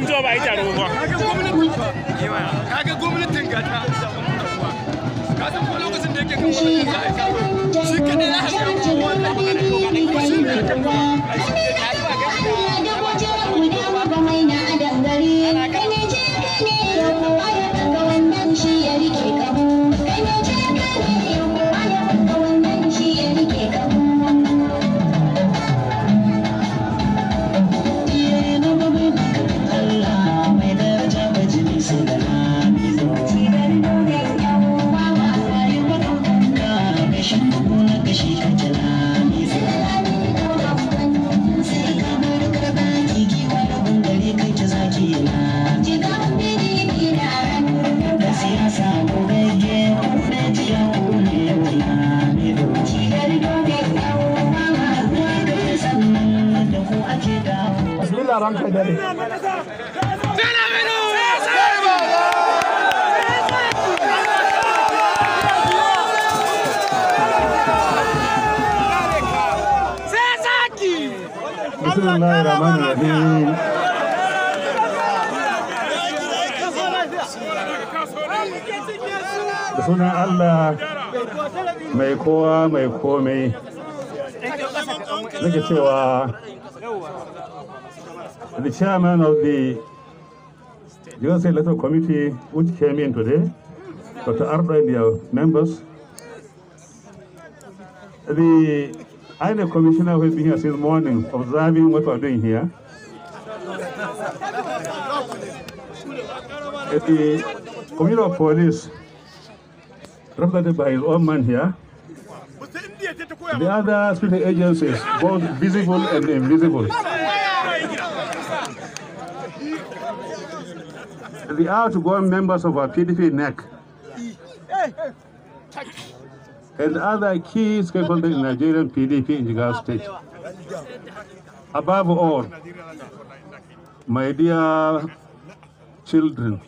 an jiwa ba a yi taro ba kaga gwamnatin gata ka san ko lokacin da yake kan wani za a yi shi kadai na hanyar kowa da shi k ranka dare بسم الله Allah mai kowa mai komai nake cewa the chairman of the Joint Electoral Committee, which came in today, Dr. Ardo and their members, the INEC commissioner who has been here since morning observing what we are doing here. the commissioner of police, represented by his own man here, the other speaking agencies, both visible and invisible. The outgoing members of our PDP NEC and other key stakeholders in Nigerian PDP in Jigar State. Above all, my dear children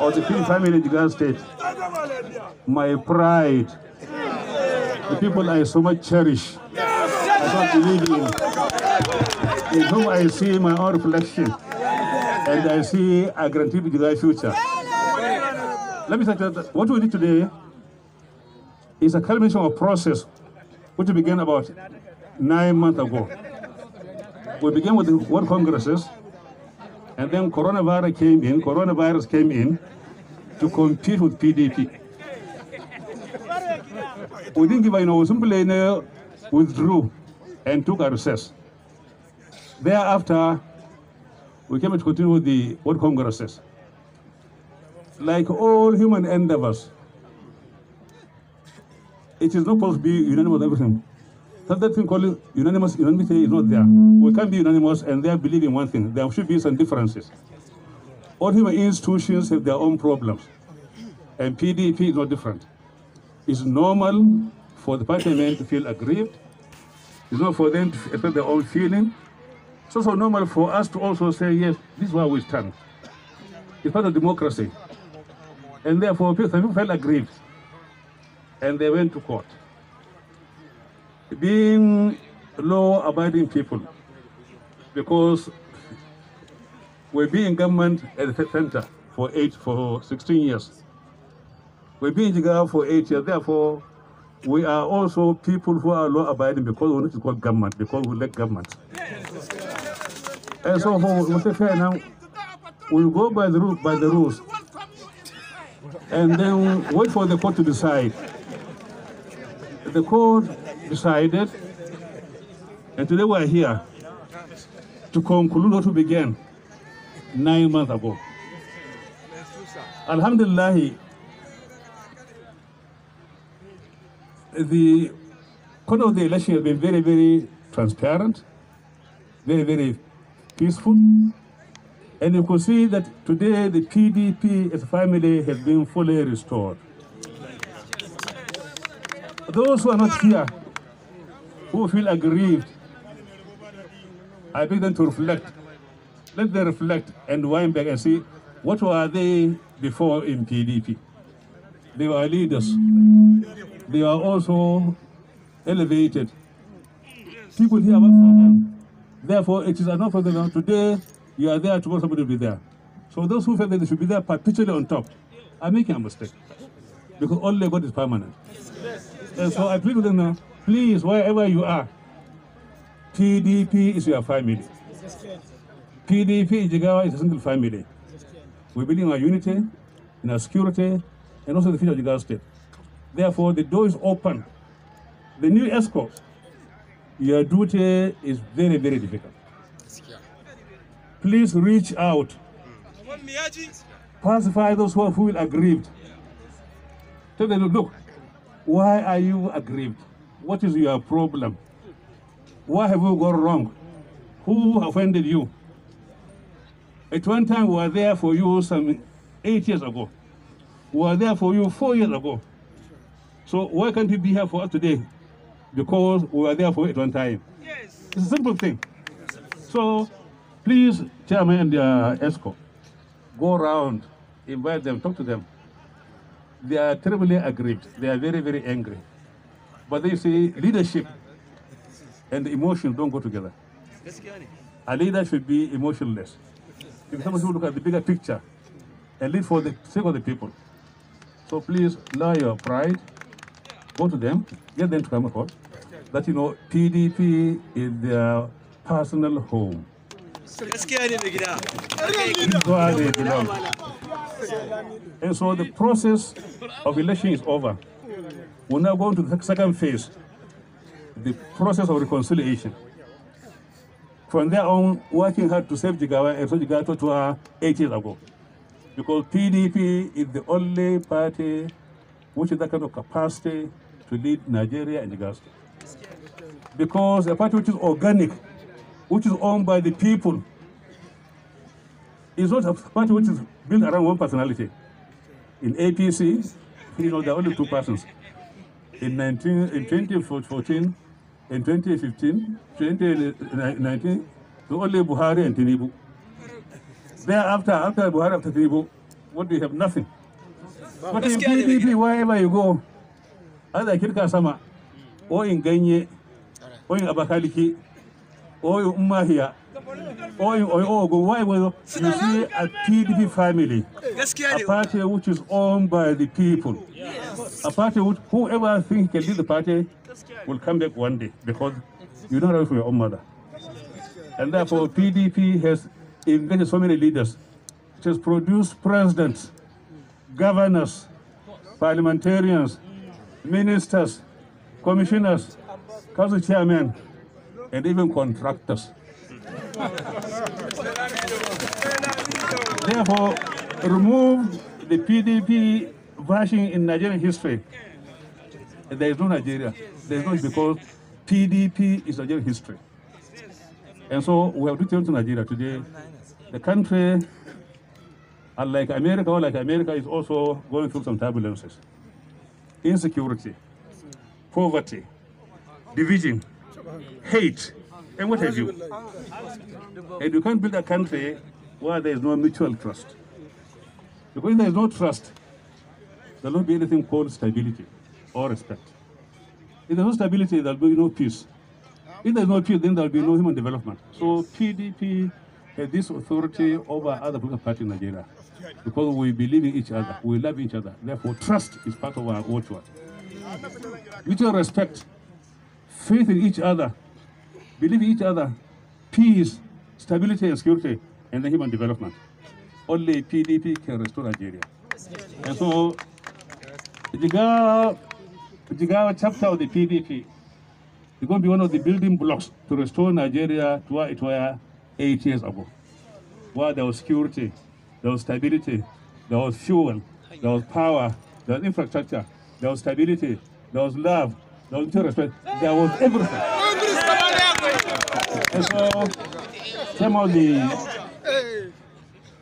of the PDP family in Jigar State, my pride, the people I so much cherish, I don't believe in, in whom I see my own reflection, and I see a grand future. Let me say that what we did today is a culmination of a process which began about nine months ago. We began with the World Congresses, and then coronavirus came in, coronavirus came in to compete with PDP. We didn't know. Gibainousum Plain withdrew and took a recess. Thereafter, we came to continue with the what Congress says. Like all human endeavors, it is not possible to be unanimous everything. that thing called unanimous unanimity is not there. We can't be unanimous and they believe in one thing. There should be some differences. All human institutions have their own problems. And PDP is not different. It's normal for the party men to feel aggrieved. It's not for them to express their own feeling. It's also normal for us to also say, yes, this is where we stand. It's part of democracy. And therefore, people, people felt aggrieved. And they went to court. Being law-abiding people, because we've been in government at the center for eight, for 16 years. We've been in Jigawa for eight years, therefore, we are also people who are law abiding because we need to call government, because we like government. And so for Mr. Fair now, we go by the rule, by the rules and then wait for the court to decide. The court decided, and today we're here to conclude what we began nine months ago. Alhamdulillah, the code of the election has been very, very transparent, very, very peaceful. And you can see that today the PDP as a family has been fully restored. Those who are not here, who feel aggrieved, I beg them to reflect. Let them reflect and wind back and see what were they before in PDP. They were leaders they are also elevated. People here work for them. Therefore, it is enough for them. Today, you are there, tomorrow somebody will be there. So those who feel that they should be there perpetually on top are making a mistake. Because only God is permanent. And so I plead with them now, please, wherever you are, PDP is your family. PDP in Jigawa is a single family. We believe in our unity, in our security, and also the future of Jigawa State. Therefore, the door is open. The new escorts, your duty is very, very difficult. Please reach out. Pacify those who are aggrieved. Tell them, look, why are you aggrieved? What is your problem? Why have you gone wrong? Who offended you? At one time, we were there for you some eight years ago. We were there for you four years ago. So why can't you be here for us today? Because we were there for it one time. Yes. It's a simple thing. So please, Chairman and uh, ESCO, go around, invite them, talk to them. They are terribly aggrieved. They are very, very angry. But they say leadership and emotion don't go together. A leader should be emotionless. If someone who look at the bigger picture and lead for the sake of the people. So please lower your pride go to them, get them to come across, that, you know, PDP is their personal home. And so the process of election is over. We're now going to the second phase, the process of reconciliation. From there on, working hard to save Jigawa and so Jigawa to our eight years ago. Because PDP is the only party which is that kind of capacity to lead Nigeria in the gas. Because a party which is organic, which is owned by the people, is not a party which is built around one personality. In APC, you know, there are only two persons. In, 19, in 2014, in 2015, 2019, so only Buhari and Tinubu. Thereafter, after Buhari, after Tinubu, what do you have? Nothing. But in PDP, wherever you go, ana kirka sama oyin ganye oyin abakaliki oyin umahiya oyin oyin why you see a pdp family a party which is owned by the people a party which whoever thinks can lead the party will come back one day because you don't run from your own mother and therefore pdp has invented so many leaders it has produced presidents governors parliamentarians ministers, commissioners, council chairmen, and even contractors. Therefore, remove the PDP version in Nigerian history. There is no Nigeria. There is no because PDP is Nigerian history. And so we have returned to Nigeria today. The country, unlike America, or like America, is also going through some turbulences insecurity, poverty, division, hate, and what have you. And you can't build a country where there is no mutual trust. Because there is no trust, there will not be anything called stability or respect. If there's no stability, there will be no peace. If there's no peace, then there will be no human development. So PDP this authority over other political parties in Nigeria because we believe in each other, we love each other. Therefore, trust is part of our watchword. Mutual respect, faith in each other, believe in each other, peace, stability and security, and the human development. Only PDP can restore Nigeria. And so, the Jigawa chapter of the PDP is going to be one of the building blocks to restore Nigeria to where it was eight years ago, where there was security, there was stability, there was fuel, there was power, there was infrastructure, there was stability, there was love, there was mutual respect, there was everything. And so, some of the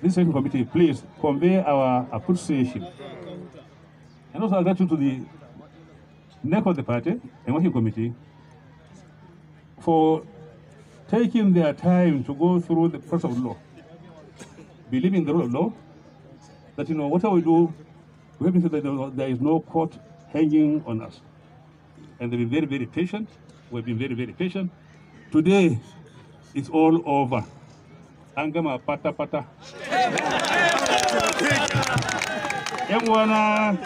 this committee, please convey our appreciation and also gratitude to the neck of the party and working committee for taking their time to go through the process of law, believing the rule of law, that, you know, whatever we do, we have to say that there is no court hanging on us. And they've been very, very patient. We've been very, very patient. Today, it's all over. Angama pata pata. Yan wana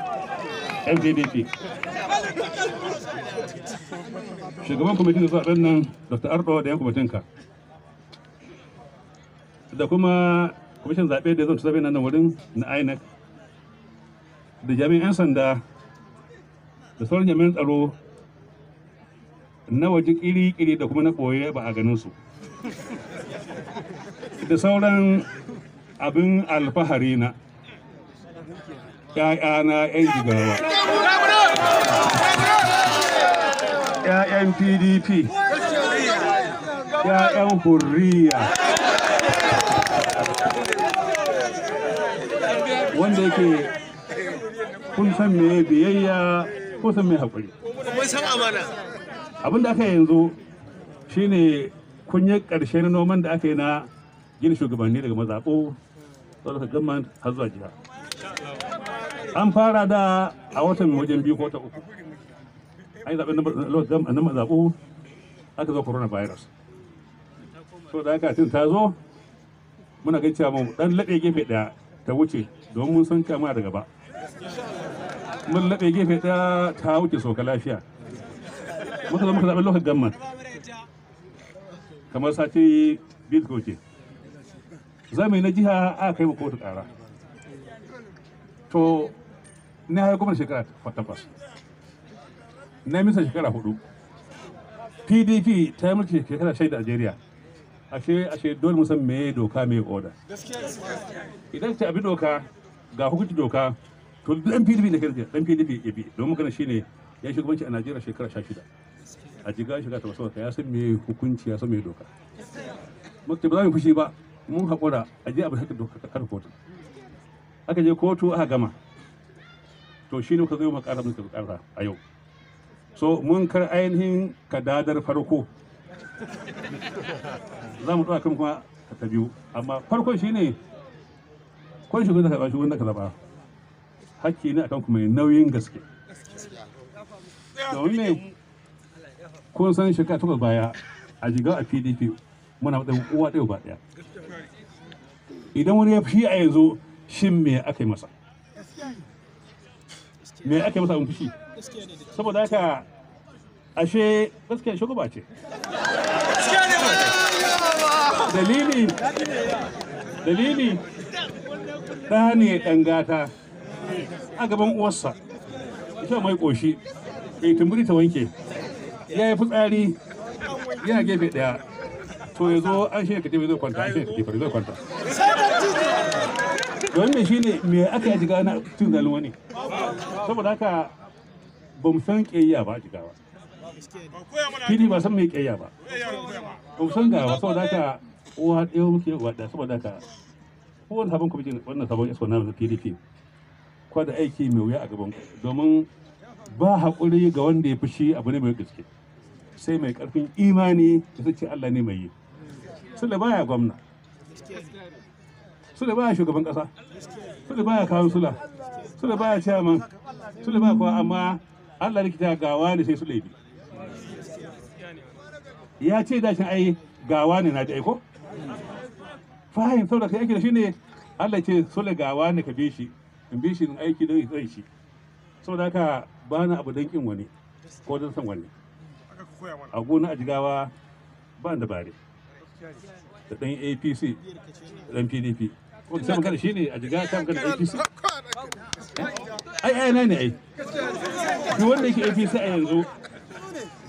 shugaban kwamitin zaben nan dr ardo da yan kwamitinka da kuma kwamishin zaɓe da zai zaɓe nan wurin na inec da jami'an 'yan sanda da sauran jami'an tsaro na waje kiri-kiri da kuma na ɓoye ba a ganin su da sauran abin alfahari na ‘ya'yana ‘yan jigawa ‘ya'yan pdp ‘ya'yan hurriya wanda yake kun san me biyayya ko san me haƙuri abin da aka yanzu shine kunyar ƙarshen noman da aka yi na gina shugabanni daga mazaɓo tsarkar gaman har zuwa jiha an fara da a watan wajen biyu ko ta uku an yi zaɓen na mazaɓu aka zo coronavirus so da haka cin ta zo muna gan cewa mu dan laɓe gefe ɗaya ta wuce domin mun san kama da gaba mun laɓe gefe ɗaya ta wuce soka lafiya muka zo muka zaɓen lokacin gamman kamar sati biyu ko ce yi na jiha aka kai mu kotu ƙara to na har gwamnati shekara takwas na misa shekara hudu pdp ta yi mulki shekara shaida algeria ashe ashe dole musan me doka me oda idan ta abi doka ga hukunci doka to dan pdp ne kirki dan pdp ya bi don magana shine ya shugabanci a najeriya shekara sha shida a jiga shiga ta wasu ya san me hukunci ya san me doka mutum ba za mu fushi ba mun haƙura a je abin haka doka kar kotu. aka je kotu aka gama to shi ne ka zai makara muka bukara a yau so mun kar ainihin kadadar farko za mu tsaka kan kuma ta biyu amma farko shi ne kun shi da karɓa shi wanda ka zaba hakki ne akan kuma nauyin gaske domin ne kun san shekara takwas baya a jiga a pdp muna da uwa ɗaya ba ɗaya idan wani ya fi a yanzu shin me aka yi masa me aka yi masa fushi saboda haka ashe gaskiya shugaba ce dalili dalili ɗa ne ɗan gata a gaban uwarsa ita mai ƙoshi bai tumburi ta wanke ya yi fitsari yana gefe ɗaya to ya zo an shi ka tafi zai kwanta an shi ka tafi zai kwanta wannan shi ne me aka yi jigawa na cin zalin wani saboda haka ba mu san ƙiyayya ba jigawa fili ba san mai ƙiyayya ba ba mu san gawa saboda haka uwa ɗaya muke wada saboda haka kowane sabon kwamitin wannan sabon iso na pdp kwa da aiki mai wuya a gaban domin ba haƙuri ga wanda ya fushi abu ne mai gaske sai mai ƙarfin imani da sace allah ne mai yi sun da baya gwamna sule baya shugaban kasa sule baya kawo sula sule baya chairman sule baya kuwa amma Allah rikita gawa ne sai sule bi ya ce da shi ai gawa ne na da aiko fahim da kai aiki da shi ne Allah ce sule gawa ne ka bishi shi in bishi shi in aiki don zai tsaye shi da ka ba na abu don kin wani ko don san wani a gona a jigawa ba da bare da ɗan apc ɗan pdp ko sai magana shine a jiga ta magana APC ai ai na ne ai shi wanda yake APC a yanzu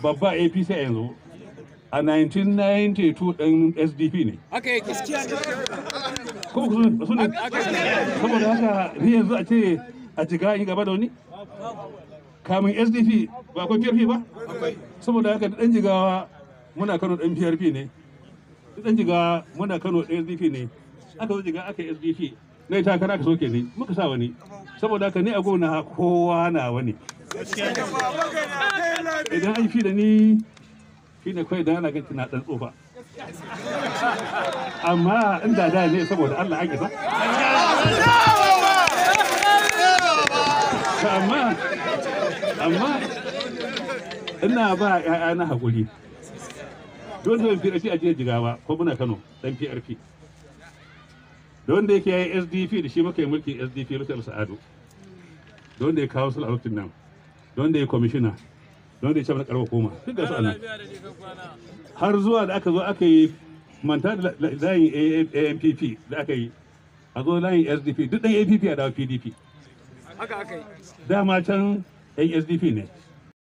babba APC a yanzu a 1992 ɗan SDP ne haka yake kuma su ne saboda haka ni yanzu a ce a jiga yi gaba da wani kamun SDP ba akwai PRP ba saboda haka ɗan jigawa muna Kano ɗan PRP ne ɗan jigawa muna Kano ɗan SDP ne aka zo jiga aka sdp na ita kana ka soke ni muka sa wani saboda haka ni a gona kowa na wani idan an fi da ni fi da kawai da ana ganci na dan tsofa amma inda da ne saboda Allah ake ba amma amma ina ba ƴaƴa na hakuri don zan fi a jiya jigawa ko muna Kano dan PRP da wanda yake ya yi sdp da shi muka yi mulkin sdp lokacin sa'adu da wanda ya kawo sulhu lokacin nan da wanda ya kwamishina da wanda ya na karfa koma duk da har zuwa da aka zo aka yi manta da layin ampp da aka yi a zo layin sdp duk dan app a dawo pdp dama can yan sdp ne